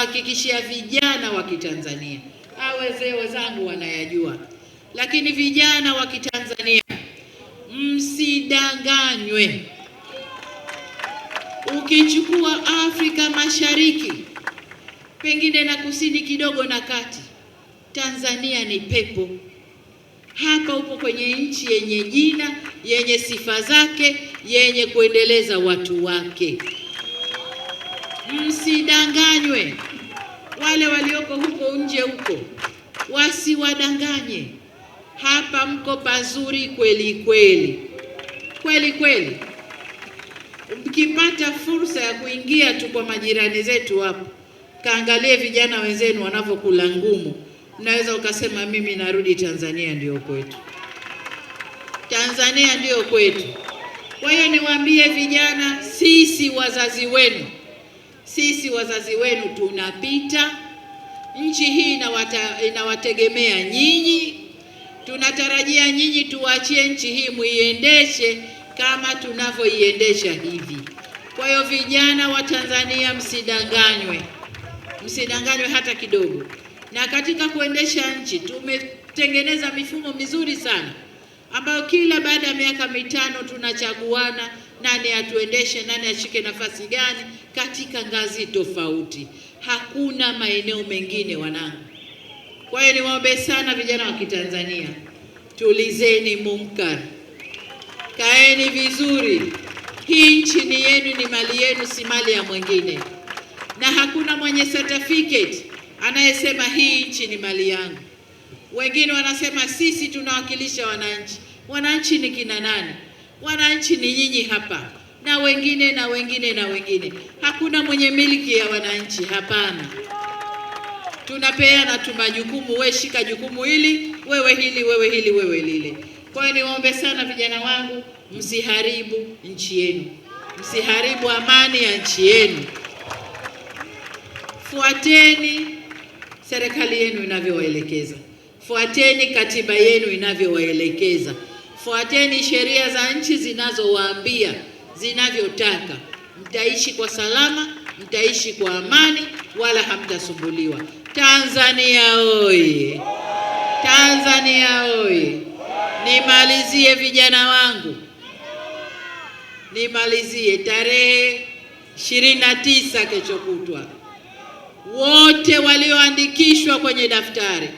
nawahakikishia vijana wa Kitanzania, wazee wenzangu wanayajua, lakini vijana wa Kitanzania msidanganywe. Ukichukua Afrika Mashariki pengine na kusini kidogo na kati, Tanzania ni pepo. Hapa upo kwenye nchi yenye jina, yenye sifa zake, yenye kuendeleza watu wake. Msidanganywe wale walioko huko nje huko wasiwadanganye. Hapa mko pazuri kweli kweli kweli kweli. Mkipata fursa ya kuingia tu kwa majirani zetu hapo, kaangalie vijana wenzenu wanavyokula ngumu, naweza ukasema mimi narudi Tanzania, ndiyo kwetu. Tanzania ndiyo kwetu. Kwa hiyo niwaambie vijana, sisi wazazi wenu, sisi wazazi wenu tunapita Nchi hii inawata, inawategemea nyinyi. Tunatarajia nyinyi tuwachie nchi hii muiendeshe kama tunavyoiendesha hivi. Kwa hiyo vijana wa Tanzania, msidanganywe, msidanganywe hata kidogo. Na katika kuendesha nchi tumetengeneza mifumo mizuri sana ambayo kila baada ya miaka mitano tunachaguana nani atuendeshe, nani ashike nafasi gani katika ngazi tofauti. Hakuna maeneo mengine wanangu. Kwa hiyo niwaombe sana vijana wa Kitanzania, tulizeni munkar, kaeni vizuri. Hii nchi ni yenu, ni mali yenu, si mali ya mwingine, na hakuna mwenye certificate anayesema hii nchi ni mali yangu. Wengine wanasema sisi tunawakilisha wananchi. Wananchi ni kina nani? Wananchi ni nyinyi hapa na wengine na wengine na wengine. Hakuna mwenye miliki ya wananchi, hapana. Tunapeana tu majukumu, we shika jukumu hili, wewe hili, wewe hili, wewe lile. Kwa hiyo niwaombe sana vijana wangu, msiharibu nchi yenu, msiharibu amani ya nchi yenu. Fuateni serikali yenu inavyowaelekeza, fuateni katiba yenu inavyowaelekeza. Fuateni sheria za nchi zinazowaambia zinavyotaka, mtaishi kwa salama, mtaishi kwa amani, wala hamtasumbuliwa. Tanzania oye! Tanzania oye! Nimalizie vijana wangu, nimalizie tarehe ishirini na tisa kesho kutwa, wote walioandikishwa kwenye daftari,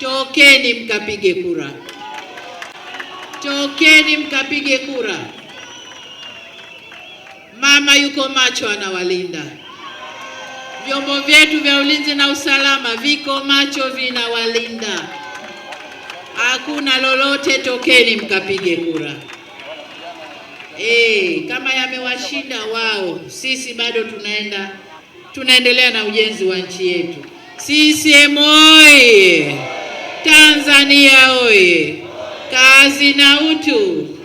tokeni mkapige kura tokeni mkapige kura. Mama yuko macho, anawalinda. Vyombo vyetu vya ulinzi na usalama viko macho, vinawalinda. Hakuna lolote, tokeni mkapige kura. E, kama yamewashinda wao, sisi bado tunaenda tunaendelea na ujenzi wa nchi yetu. CCM oye! Tanzania oye! kazi na utu.